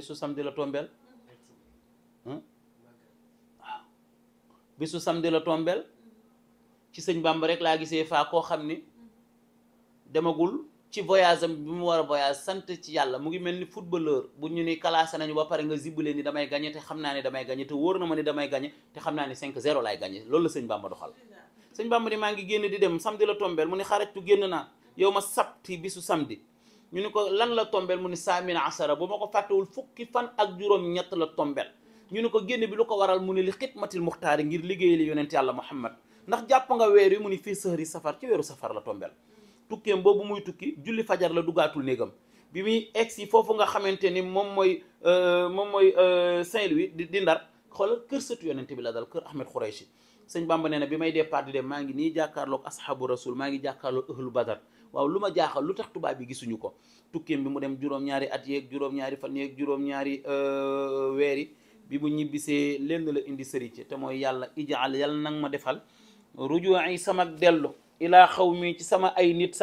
bisu samedi la tombeel waaw bisu samedi la tombeel ci sëñ Bamba rek laa gisee faa koo xam ni demagul ci voyage bi mu war a voyage sant ci yàlla mu ngi mel ni footballeur bu ñu ni classé nañu ba pare nga zibbale ni damay gañe te xam naa ne damay gañe te wóor na ma ni damay gañe te xam naa ni 5-0 laay gañe loolu la sëñ Bamba doxal sëñ Bamba ni maa ngi génn di dem samedi la tombeel mu ni xarajtu génn naa yow ma sabti bisu samedi ñu ni ko lan la tombel mu ni saamina asara bu ma ko fàttewul fukki fan ak juróom-ñett la tombel ñu ni ko génn bi lu ko waral mu ni li xidmatil muxtaari ngir liggéey li yonent yàlla Muhammad ndax jàpp nga weer yi mu ni fii sëhri safar ci weeru safar la tombel tukkeem boobu muy tukki julli fajar la dugaatul néegam bi muy egg si foofu nga xamante ni moom mooy euh, moom mooy euh, Saint-Louis di Ndar xoolal kër sëtu yonent bi la dal kër Ahmed Khouraychi sëñ Bamba nee na bi may départ di dem maa ngi nii jàkkaarloog ashabu rasul maa ngi jàkkaarloog ahlu badar waaw lu ma jaaxal lu tax tubaab bi gisuñu ko tukkeem bi mu dem juróom-ñaari at yeeg juróom-ñaari fan yeeg juróom-ñaari euh, weer yi bi mu ñibbisee lenn la indi sëriñ te mooy yàlla ijaal yàlla nang ma defal rujuwaay sama dellu ilaa xaw mi ci sama ay nit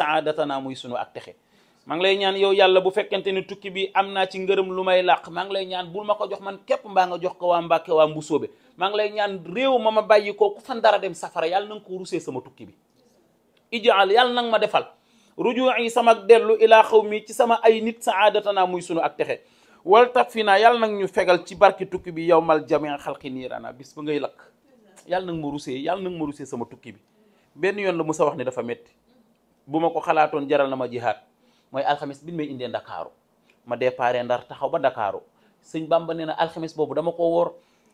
naa muy suñu ak texe maa ngi lay ñaan yow yàlla bu fekkente ni tukki bi am naa ci ngërëm lu may làq maa lay ñaan bul ma ko jox man képp mbaa nga jox ko waa Mbàkke waa Mbusoobe maa ngi lay ñaan réew ma ma bàyyi ko ku fan dara dem safara yàlla na nga sama tukki bi ijaal ma defal rujuu yi sama dellu ilaa xaw mi ci sama ay nit naa muy sunu ak texe wal taf fi naa yàlla nag ñu fegal ci barki tukki bi yow mal jamee xalqi ana bis ba ngay lakk yàlla nag ma rusee yàlla nag ma rusee sama tukki bi benn yoon mu sa wax ne dafa metti bu ma ko xalaatoon jaral na ma jihaat mooy alxames bi ñu may indee ndakaaru ma déparé ndar taxaw ba ndakaaru sëñ Bamba nee na alxames boobu dama ko woor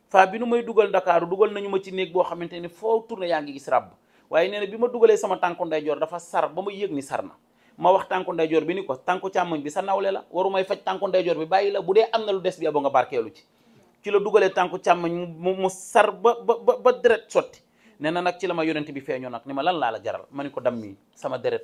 faa bi nu may dugal ndakaaru dugal nañu ma ci néeg boo xamante ne foo tourné yaa ngi gis ràbb waaye nee bi ma dugalee sama tànkoo ndeyjoor dafa sar ba ma yëg ni sar na ma wax tànku ndeyjoor bi ni ko tànku càmmoñ bi sa nawle la waru may faj tànku ndeyjoor bi bàyyi la bu dee am na lu des bi abo nga barkeelu ci ci la dugalee tànku càmmoñ mu mu sar ba ba ba deret sotti nee na nag ci la ma yonent bi feeñoo nag ni ma lan laa la jaral ma ni ko dam mi sama deret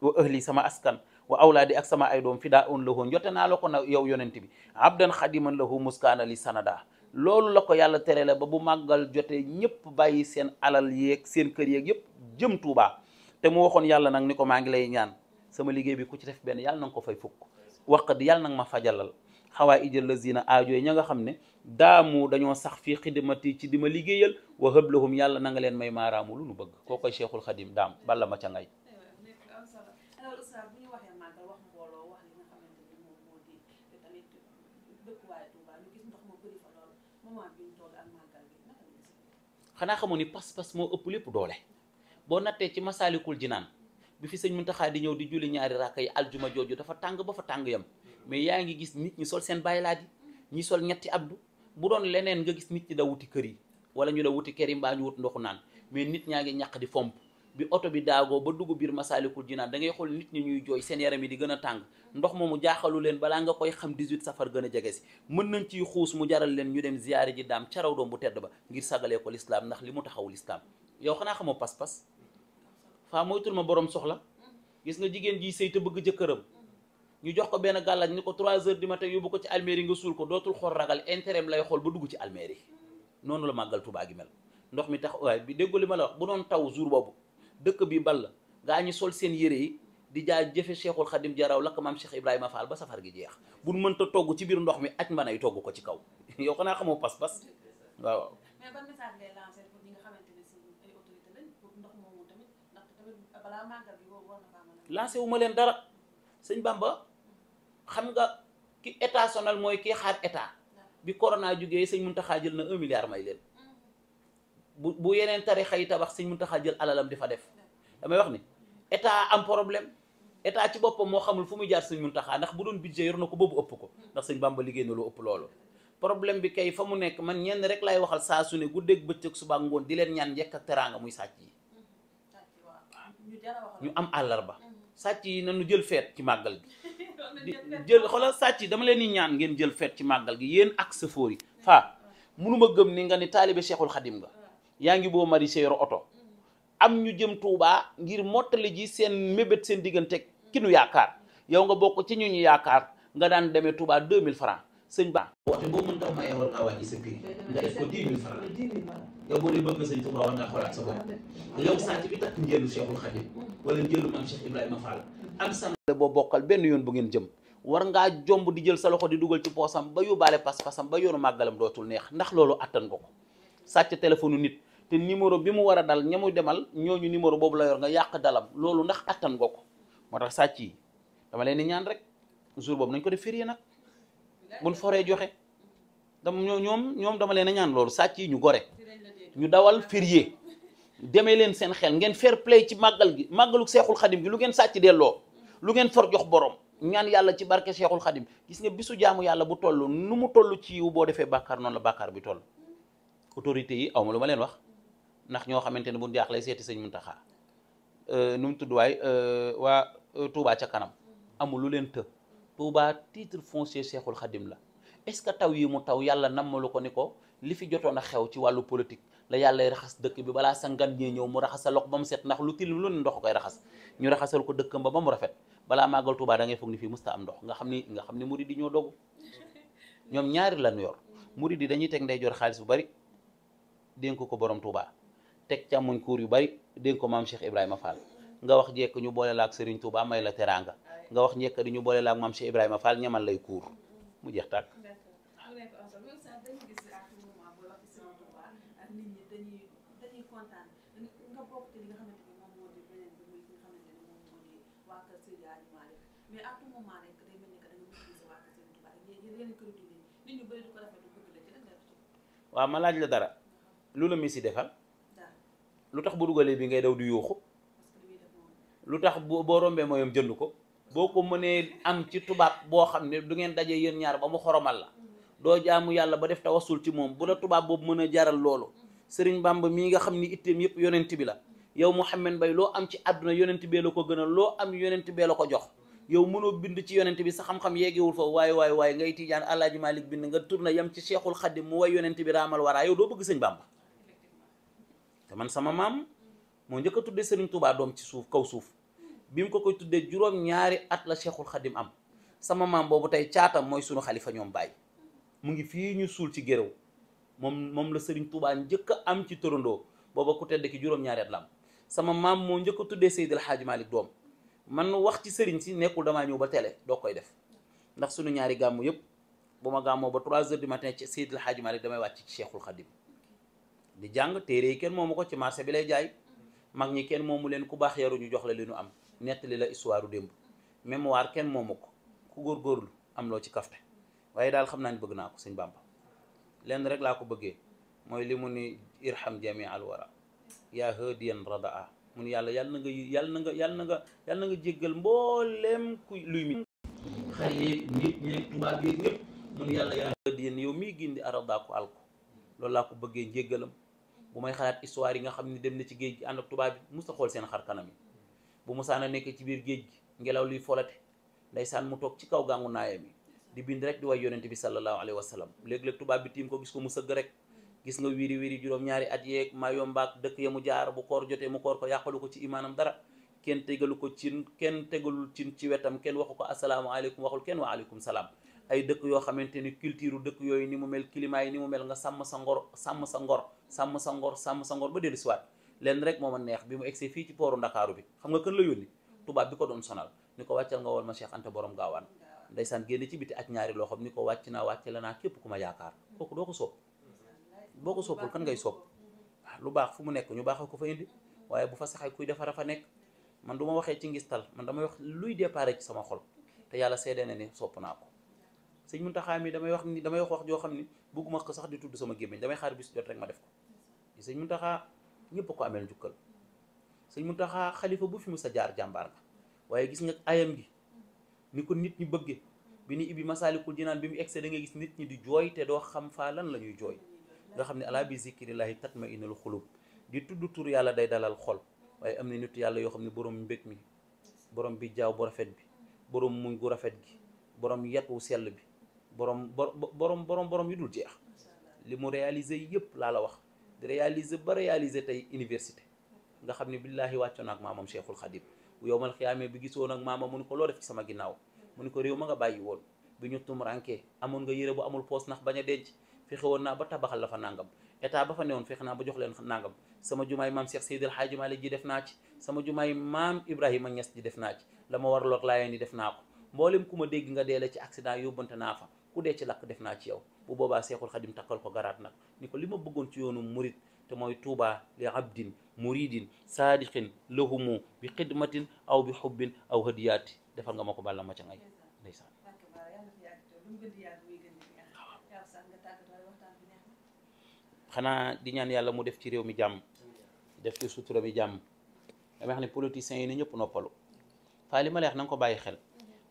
wa ahli sama askan wa awlaadi ak sama ay doom fi daa la lahoo njote naa la ko na yow yonent bi abdan xadiman lahu muskaana li sanada loolu la ko yàlla teree la ba bu màggal jotee ñëpp bàyyi seen alal yeeg seen kër yeeg yëpp jëm Touba te mu waxoon yàlla nag ni ko maa ngi lay ñaan sama liggéey bi ku ci def benn yàlla na nga ko fay fukk waqat yàlla nag ma fajalal xawaa ijal la zina aajo yi ña nga xam ne daamu dañoo sax fii xidmati ci di ma liggéeyal wa hëblahum yàlla na nga leen may maaraamu lu nu bëgg koo koy cheikhul xadim daam balla ma ca ngay xanaa xamoon ni pas-pas moo ëpp lépp doole boo nattee ci masaalikul naan bi fi sëñ Muntaxa di ñëw di julli ñaari raaka yi aljuma jooju dafa tàng ba fa tàng yam mais yaa ngi gis nit ñi sol seen bàyyi laaj ñi sol ñetti abdu bu doon leneen nga gis nit ñi daw wuti kër yi wala ñu da wuti ker yi mbaa ñu wut ndoxu naan mais nit ñaa ngi ñàq di fomp bi oto bi daagoo ba dugg biir Masaalikul Jinaan da ngay xool nit ñi ñuy jooy seen yaram yi di gën a tàng ndox ma mu jaaxalu leen balaa nga koy xam 18 safar gën a jege si mën nañ ci xuus mu jaral leen ñu dem ziyaare ji daam caraw doom bu tedd ba ngir sagalee ko lislaam ndax li mu taxaw lislaam yow xanaa xamoo pas-pas faa moytul ma borom soxla gis nga jigéen ji sëy te bëgg jëkkëram ñu jox ko benn gàllaaj ni ko 3 heures du matin yóbbu ko ci almeri nga suul ko dootul xool ragal intérêt lay xool ba dugg ci almeri noonu màggal Tuubaa gi mel ndox mi tax bi déggu li ma la wax bu doon taw jour boobu dëkk bi bal la gaa ñi sol seen yére yi di jaa jëfe cheikhul xadim jaraw lakk maam cheikh ibrahima fall ba safar gi jeex buñ mënta togg ci biir ndox mi aj mbanay togg ko ci kaw yow xanaa xamoo pas-pas waaw wu ma leen dara sëñ ba xam nga ki état sonal mooy kii xaar état bi corona jógee sëñ Muntaxa jël na un milliard may leen bu bu yeneen tarixa yi tabax sëñ Muntaxa jël alalam di fa def damay wax ni état am problème état ci boppam moo xamul fu muy jaar sëñ Muntaxa ndax bu doon budget yor na ko boobu ëpp ko ndax sëñ Bamba liggéey na lu ëpp loolu problème bi kay fa mu nekk man ñenn rek lay waxal saa su ne guddeeg bëccëg suba ngoon di leen ñaan njëkk ak teraanga muy sàcc yi ñu am àllarba mm-hmm. sàcc yi na nañu jël feet ci màggal gi jël xoolal sàcc yi dama leen di ñaan ngeen jël feet ci màggal gi yéen ak sëfoor yi faa mm-hmm. mënuma gëm ni nga ni taalibe Cheikhul Xadim nga yaa ngi boo mari oto am ñu jëm Touba ngir mottali ji seen mébét seen diggante ki nu yaakaar yow nga bokk ci ñu ñu yaakaar nga daan demee Touba 2000 francs sëñ Ba. waxtu sëñ Touba war ngaa sàcc bi takk njëlu Cheikhul Khadim wala njëlu maam Cheikh Ibrahima Fall am sam boo bokkal benn yoon bu ngeen jëm war ngaa jomb di jël sa loxo di dugal ci poosam ba yóbbaale pas-pasam ba yoonu màggalam dootul neex ndax loolu àttan nga ko sàcc téléphone nit te numéro bi mu war a dal ña demal ñooñu numéro boobu la yor nga yàq dalam loolu ndax attan nga moo tax sàcc yi dama leen di ñaan rek jour boobu nañ ko def férié nag buñ foree joxe dama ñoom ñoom dama leen ñaan loolu sàcc yi ñu gore ñu dawal férié demee leen seen xel ngeen fair ci màggal gi seexul xadim gi lu ngeen sàcc delloo lu ngeen for jox borom ñaan yàlla ci barke seexul xadim gis nga bisu jaamu yàlla bu toll nu mu toll ci yiw boo defee bàkkaar noonu la bàkkaar bi toll autorité yi aw ma lu ma leen wax ndax ñoo xamante ne bu jaax lay seeti sëñ Muntaxa euh, nu mu tudd waay euh, waa euh, Touba ca kanam amul lu leen të Touba titre foncier Cheikhul Khadim la est-ce que taw yi mu taw yàlla nammalu ko ni ko li fi jotoon a xew ci wàllu politique la yàllay raxas dëkk bi balaa sa ngan ñëw mu raxasal ko ba ndax lu tilim lu ne koy raxas ñu raxasal ko dëkkam ba ba mu rafet balaa màggal Touba da ngay foog ni fii musta am ndox nga xam ni nga xam ni murid yi ñoo dogu ñoom ñaari lañu yor murid yi dañuy teg ndeyjoor xaalis bu bari dénk ko boroom Touba teg càmmoñ kuur yu bari dénk ko maam Cheikh Ibrahima Fall nga wax jekk ñu boole la ak Serigne Touba may la teraanga nga wax njëkk di ñu boole la ak maam Cheikh Ibrahima Fall ñamal lay kuur mu jeex tàkk. waaw ma laaj la dara lu la Messi defal lu tax bu dugalee bi ngay daw di yuuxu lu tax boo rombee mooyam jënd ko boo ko mënee am ci tubaab boo xam ne du ngeen dajee yéen ñaar ba mu xoromal la doo jaamu yàlla ba def tawassul ci moom bu la tubaab boobu mën a jaral loolu sëriñ Bamba mii nga xam ni itteem yëpp yonent bi la yow Mouhamed Mbaye loo am ci àdduna yonent bee la ko gënal loo am yonent bee la ko jox yow mënoo bind ci yonent bi sa xam-xam yeegewul foofu waaye waaye waaye ngay tiijaan Alaaji Malik bind nga tourné yam ci Cheikhul Xadim mu way yonent bi raamal waraa yow doo bëgg sëñ te man sama maam moo njëkk a tuddee Serigne Touba doom ci suuf kaw suuf bi mu ko koy tuddee juróom-ñaari at la Cheikhul Khadim am sama maam boobu tey caatam mooy sunu xalifa ñoom Baye mu ngi fii ñu suul ci géréw moom moom la Serigne Touba njëkk am ci torondoo booba ku tedd ki juróom-ñaari at la am sama maam moo njëkk tuddee Seydil Hadji Malick doom man wax ci Serigne si nekkul damaa ñëw ba télé doo koy def ndax sunu ñaari gàmmu yëpp bu ma gàmmoo ba 3 heures du matin ci Seydil Hadji Malick damay wàcc ci Cheikhul Khadim di jàng téere yi kenn moomu ko ci marché bi lay jaay mag ñi kenn moomu leen ku baax yaru ñu jox la leenu nu am nettali la histoire démb mémoire kenn moomu ko ku góorgóorlu am loo ci kafte waaye daal xam naa ni bëgg naa ko sëñ Bàmba lenn rek laa ko bëggee mooy li mu ni irham jami al wara yaa hadiyan radaa mun yàlla yàlla na nga yàlla na nga yàlla na nga yàlla nga jéggal mbooleem ku luy mi xale yeeg yow miy gindi aradaa ko alko loolu laa ko bëggee njéggalam bu may xalaat histoire yi nga xam ne dem na ci géej gi ànd ak tubaab bi musta xool seen xar kanam yi bu Musaana nekkee ci biir géej gi ngelaw liy luy folate ndeysaan mu toog ci kaw gàngu naayam yi di bind rek di way yonente bi sallallahu alayhi wa sallam léeg-léeg tubaab bi tiim ko gis ko mu sëgg rek gis nga wiiri wiiri juróom-ñaari at yeeg maa yombaak dëkk ya mu jaar bu koor jotee mu koor ko yàqalu ko ci imaanam dara kenn tegalu ko cin kenn tegalul cin ci wetam kenn waxu ko asalaamaaleykum waxul kenn wa aleykum ay dëkk yoo xamante ni culture dëkk yooyu ni mu mel climat yi ni mu mel nga sàmm sa ngor sàmm sa ngor sàmm sa ngor sàmm sa ngor ba dellu siwaat lenn rek moo ma neex bi mu egsee fii ci pooru ndakaaru bi xam nga kën la yónni tubaab bi ko doon sonal ni ko wàccal nga woon ma Cheikh Anta borom gaawaan ndeysaan génn ci biti ak ñaari loxoom ni ko wàcc naa wàcc la naa képp ku ma yaakaar kooku doo ko sopp boo ko soppul kan ngay sopp ah, lu baax fu mu nekk ñu baaxal ko fa indi waaye bu fa saxee kuy defara fa nekk man du ma waxee ci ngistal man damay wax luy déparé ci sama xol te yàlla seede na ni sopp naa ko sëñ Muntaxa mi damay wax ni damay wax wax joo xam ni bëgguma ko sax di tudd sama gémmiñ damay xaar bis jot rek ma def ko sëñ Muntaxa ñëpp a ko ameel njukkal sëñ taxaa xalifa bu fi mu sa jaar jàmbaar nga waaye gis nga ayam gi ni ko nit ñi bëgge bi ni ibbi masaalikul jinaan bi mu egse da nga gis nit ñi di jooy te doo xam faa lan la ñuy jooy nga xam ne alaa bi zikrillahi ma inal xulub di tudd tur yàlla day dalal xol waaye am na nit yàlla yoo xam ne borom mbég mi borom bi jaaw bu rafet bi borom muñ gu rafet gi borom yat wu sell bi borom borom borom borom yu dul jeex li mu réalisé yëpp laa la wax di réaliser ba réaliser tey université nga xam ne billaahi wàccoon ak maamam Cheikhul Khadim yow mal xiyaamee bi gisoon ak maamam mu ni ko loo def ci sama ginnaaw mu ni ko réew ma nga bàyyi woon bi ñu tum ranke amoon nga yére bu amul poos nax bañ a denc fexe woon naa ba tabaxal la fa nangam état ba fa woon fexe naa ba jox leen nangam sama jumaay maam Cheikh Seydil Hadji Malick ji def naa ci sama jumaay maam Ibrahima Niass ji def naa ci la ma warloog laayeen yi def naa ko mboolem ku ma dégg nga deele ci accident yóbbante naa fa ku dee ci làkk def naa ci yaw bu boobaa seexul xadim takkal ko garaat nag ni ko li ma bëggoon ci yoonu murit te mooy tuubaa li abdin muridin saadiqin lahumu bi xidmatin aw bi xubbin aw hadiyaati defal nga ma ko bàlla ma ca ngay ndeysaan xanaa di ñaan yàlla mu def ci réew mi jàmm def ci sutura mi jàmm damay ne politiciens yi ne ñëpp noppalu faa li ma lay wax ko bàyyi xel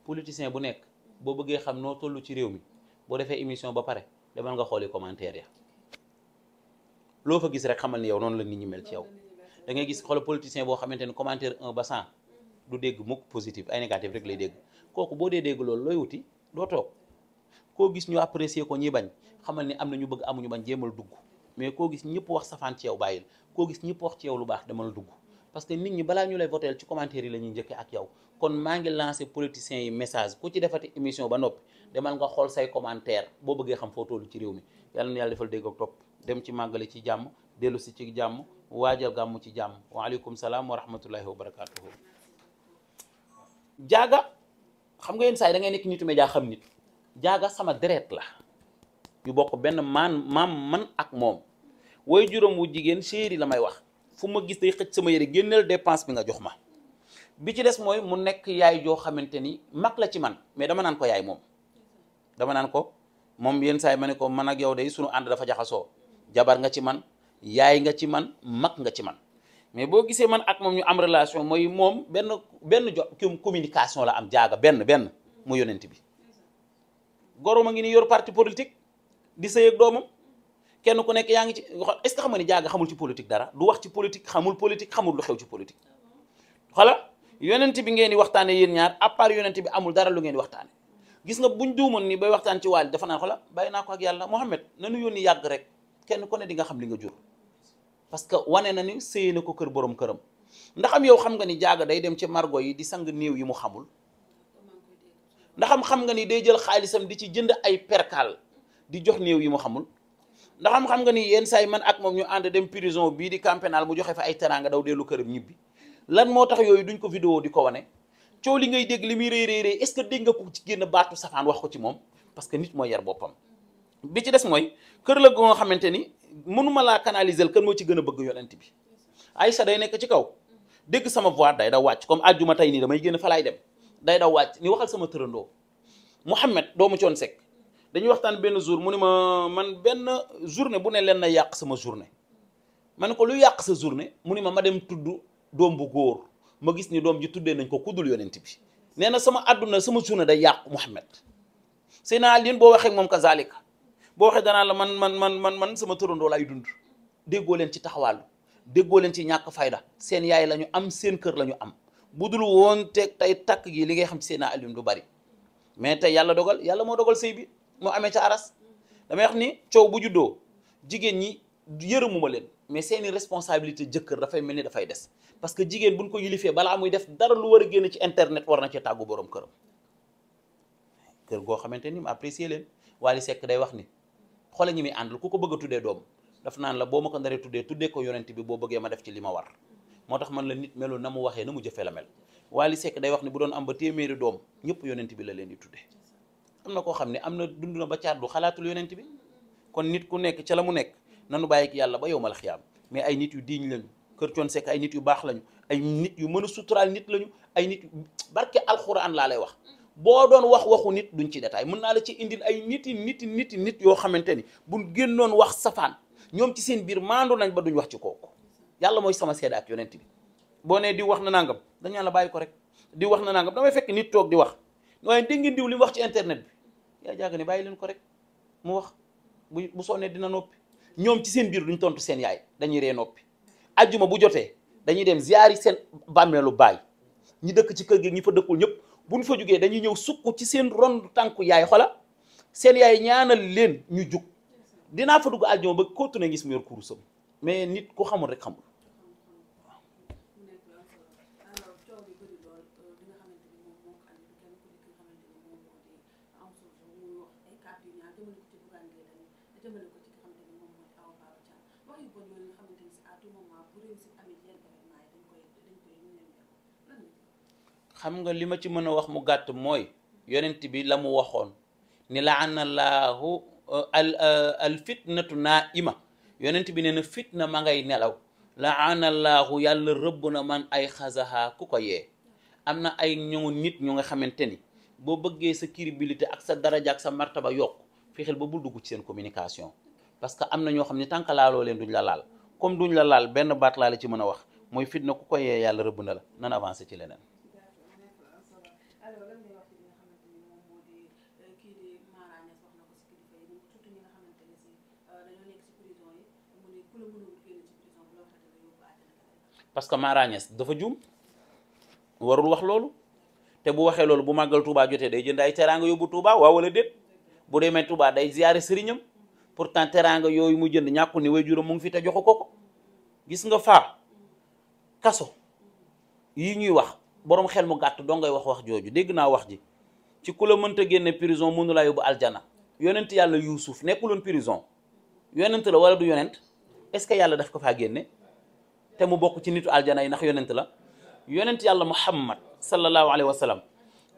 politicien bu nekk boo bëggee xam noo toll ci réew mi boo defee émission ba pare demal nga xooli commentaire ya loo fa gis rek xamal ni yow noonu la nit ñi mel ci yow da ngay gis xoolal politicien boo xamante ni commentaire un ba du dégg mukk positif ay négatif rek lay dégg kooku boo dee dégg loolu looy wuti doo toog koo gis ñu apprécier ko ñi bañ xamal ni am na ñu bëgg amuñu bañ jéemal dugg mais koo gis ñëpp wax safaan ci yow bàyyil koo gis ñëpp wax ci yow lu baax demal dugg parce que nit ñi balaa ñu lay voter ci commentaire yi la ñuy njëkkee ak yow kon maa ngi lancé politiciens yi message ku ci defati émission ba noppi demal nga xool say commentaire boo bëggee xam foo tollu ci réew mi yàlla na yàlla defal dégg ak topp dem ci màggale ci jàmm dellu si ci jàmm waajal gàmmu ci jàmm waaleykum salaam wa rahmatullahi wa barakatuhu jaaga xam nga yenn saa yi da ngay nekk nitu média xam nit jaaga sama deret la ñu bokk benn maan maam man ak moom way juróom jigéen chéri la may wax fu ma gis day xëcc sama yére génneel dépense bi nga jox ma bi ci des mooy mu nekk yaay joo xamante ni mag la ci man mais dama naan ko yaay moom dama naan ko moom yenn saa ma ne ko man ak yow day sunu ànd dafa jaxasoo jabar nga ci man yaay nga ci man mag nga ci man mais boo gisee man ak moom ñu am relation mooy moom benn benn jo communication la am jaaga benn benn mu yonent bi goro ngi ni yor parti politique di sëy ak doomam kenn ku nekk yaa ngi ci est-ce que xam nga ni jaaga xamul ci politique dara du wax ci politique xamul politique xamul lu xew ci politique xala yonent bi ngeen di waxtaane yéen ñaar à yonent bi amul dara lu ngeen di waxtaane gis nga buñ duumoon ni bay waxtaan ci waali dafa naan xala bàyyi naa ko ak yàlla Mohamed nanu yónni yàgg rek kenn ku ne di nga xam li nga jur parce que wane na ni sëy na ko kër borom këram ndax am yow xam nga ni jaaga day dem ci margo yi di sang néew yi mu xamul ndax am xam nga ni day jël xaalisam di ci jënd ay perkal di jox néew yi mu xamul ndax xam-xam nga ni yenn saa man ak moom ñu ànd dem prison bii di camp pénal mu joxe fa ay teranga daw dellu këram ñibbi lan moo tax yooyu duñ ko vidéo di ko wane coow li ngay dégg li muy rëy rëy rëy est-ce que dégg nga ko ci génn baatu safaan wax ko ci moom parce que nit mooy yar bi ci des mooy kër la goo xamante ni mënuma laa canaliser kan moo ci gën a bëgg yonent bi ay Aïcha day nekk ci kaw dégg sama voix day daw wàcc comme àjjuma tey nii damay génn fa laay dem day daw wàcc ni waxal sama tërandoo Mouhamed doomu coon Seck dañuy waxtaan benn jour mu ne ma man benn journée bu ne leen na yàq sama journée ma ne ko lu yàq sa journée mu ne ma ma dem tudd doom bu góor ma gis ni doom ji tuddee nañ ko kuddul yonent bi nee na sama àdduna sama journée day yàqu Mouhamed Seydina Alioune boo waxee moom kazalika boo waxee danaa la man man man man man sama turandoo ay dund déggoo leen ci taxawaalu déggoo leen ci ñàkk fayda seen yaay la ñu am seen kër lañu am bu dul woon teg tey takk gi li ngay xam ci seen Alioune du bari mais moo amee ca aras damay wax ni coow bu juddoo jigéen ñi yërëmuma leen mais seeni responsabilité jëkkër dafay mel ni dafay des parce que jigéen buñ ko yilifee balaa muy def dara lu war a génn ci internet war na ci tàggu borom këram kër goo xamante ni ma apprécier leen Wally sekk day wax ni xoole ñi muy àndal ku ko bëgga a tuddee doom daf naan la boo ma ko ndaree tuddee tuddee ko yonent bi boo bëggee ma def ci li ma war moo tax man la nit melul na mu waxee na mu jëfee la mel day wax ni bu doon am ba doom ñëpp yonent bi la leen di tuddee am na koo xam ne am na dund na ba caat xalaatul yonent bi kon nit ku nekk ca la mu nekk nanu bàyyi ki yàlla ba yowmal xiyaam mais ay nit yu diiñ lañu kër coon sekk ay nit yu baax lañu nit yu mën a suturaal nit lañu ay nit yu barke alxuraan laa lay wax boo doon wax waxu nit duñ ci détail mën naa la ci indil ay niti niti niti nit yoo xamante ni buñ génnoon wax safaan ñoom ci seen biir maandu nañ ba duñ wax ci kooku yàlla mooy sama seede ak yonent bi boo nee di wax na nangam dañu la bàyyi ko rek di wax na nangam damay fekk nit toog di wax waaye dégg ngeen diw li wax ci internet bi yaa jàgg ne bàyyi leen ko rek mu wax bu bu sonnee dina noppi ñoom ci seen biir duñ tontu seen yaay dañuy ree noppi ajjuma bu jotee dañuy dem ziyaari seen bàmmeelu baay ñi dëkk ci kër gi ñi fa dëkkul ñëpp buñ fa jógee dañuy ñëw sukk ci seen ron tànku yaay xola seen yaay ñaanal leen ñu jug dinaa fa dugg aljuma ba kootu na gis mu yor kurusam mais nit ku xamul rek xamul xam nga li ma ci mën a wax mu gàtt mooy yonent bi la mu waxoon ni la anallahu uh, al uh, al fitnatu naa ima yonent bi nee na fitna ma ngay nelaw la anallahu yàlla rëbb na man ay xasaha ku ko yee am na ay ñëwu nit ñu nga xamante ni boo bëggee sa crédibilité ak sa daraja ak sa martaba yokk fexeel ba bul dugg ci seen communication parce que am na ñoo xam ne tànk leen duñ la laal comme duñ la laal benn baat ci mën a wax mooy fitna ku koy yee yàlla rëbb na la nan avancé ci leneen. parce que Mara Niass dafa juum warul wax loolu te bu waxee loolu bu màggal Touba jotee day jënd ay teraanga yóbbu Touba waa wala déet bu demee Touba day ziyaare sëriñam pourtant teraanga yooyu mu jënd ñàkkul ni way juróom mu ngi fi te joxu ko ko gis nga faar kaso yi ñuy wax borom xel mu gàtt doo ngay wax wax jooju dégg naa wax ji ci ku la mënta génne prison mënu laa yóbbu aljana yonent yàlla yuusuf nekkuloon prison yonent la wala du yonent est-ce que yàlla daf ko faa génne te mu bokk ci nitu aljana yi ndax yonent la yonent yàlla muhammad sallallahu alayhi wa sallam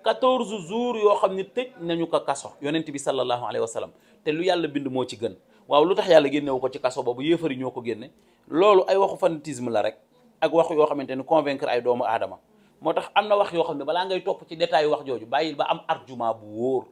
quatorze jours yoo xam ni tëj nañu ko kaso yonent bi sallallahu alayhi wa sallam te lu yàlla bind moo ci gën waaw lu tax yàlla génnewu ko ci kaso boobu yéefari ñoo ko génne loolu ay waxu fanatisme la rek ak wax yoo xamante ni convaincre ay doomu aadama moo tax am na wax yoo xam ne balaa ngay topp ci détail wax jooju bàyyil ba am argument bu wóor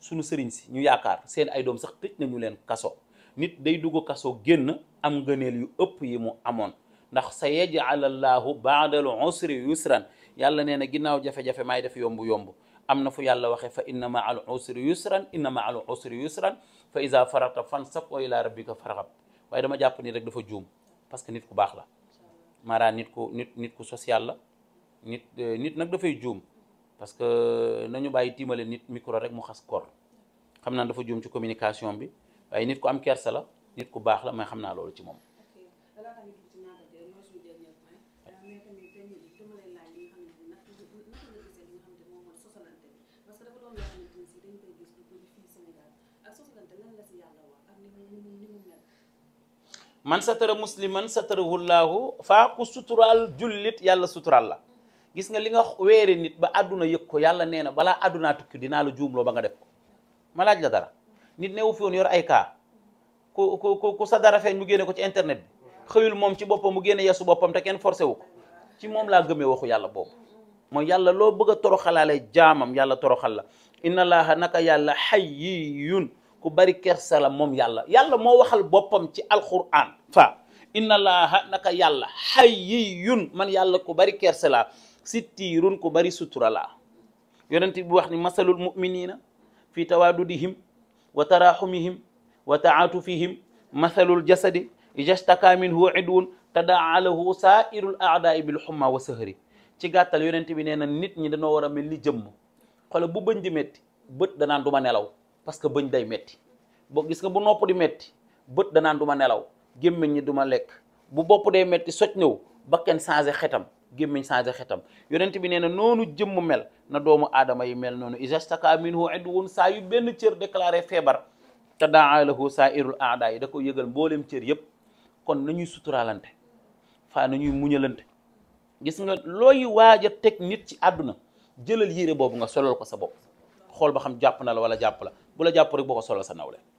sunu sëriñ si ñu yaakaar seen ay doom sax tëj nañu leen kaso nit day dugg kaso génn am ngëneel yu ëpp yi mu amoon ndax sa yaj'al allahu ba'dal usri yusran yàlla nee na ginnaaw jafe-jafe maay def yomb yomb am na fu yàlla waxee fa inna ma'al usri yusran inna ma'al usri yusran fa iza faragta fansab wa ila rabbika farghab waaye dama jàpp ni rek dafa juum parce que nit ku baax la maanaam nit ku nit nit ku social la nit euh, nit nag dafay juum parce que nañu bàyyi tiimale nit micro rek mu xas kor xam naa dafa juum ci communication bi waaye nit ku am kersa la nit ku baax la may xam naa loolu ci moom Ah. man sa man sa musliman satarahullaahu faa ku suturaal jullit yàlla suturaal la gis nga li nga weere nit ba àdduna yëg ko yàlla nee na balaa àddunaa tukki dinaa la juumloo ba nga def ko ma laaj la dara nit newu fi woon yor ay cas ku ku ku sa dara feeñ mu génne ko ci internet bi xëyul moom ci boppam mu génne yesu boppam te kenn forcé wu ko ci moom laa gëmee waxu yàlla boobu mooy yàlla loo bëgg a toroxalaale jaamam yàlla toroxal la inna laaha naka ku bari kersa la moom yàlla yàlla moo waxal boppam ci alquran fa inna allaha naka yàlla xayyiyun man yàlla ku bari kersa la sittiirun ku bari sutura la yonent bi wax ni masalul muminina fi tawaadudihim wa taraxumihim wa taatufihim masalul jasadi ijastaka minhu idwun tadaa lahu saa'irul aadaai bil xumma wa ci gàttal yonent bi nee na nit ñi dañoo war a mel ni jëmm xoolal bu bëñ di métti bët danaan nelaw parce que bëñ day metti boo gis nga bu nopp di metti bët danaan du ma nelaw gémmiñ ñi du ma lekk bu bopp dee metti soj ñëw bakken changé xetam gémmiñ changé xetam yonent bi nee na noonu jëmm mel na doomu aadama yi mel noonu izastaka minhu idwun saa yu benn cër déclaré feebar te daa lahu saa irul aada yi da ko yëgal mbooleem cër yëpp kon nañuy suturaalante faa nañuy muñalante gis nga looy waaj a teg nit ci àdduna jëlal yére boobu nga solal ko sa bopp xool ba xam jàpp na la wala jàpp la bu la jàpp rek boo ko solal sa nawle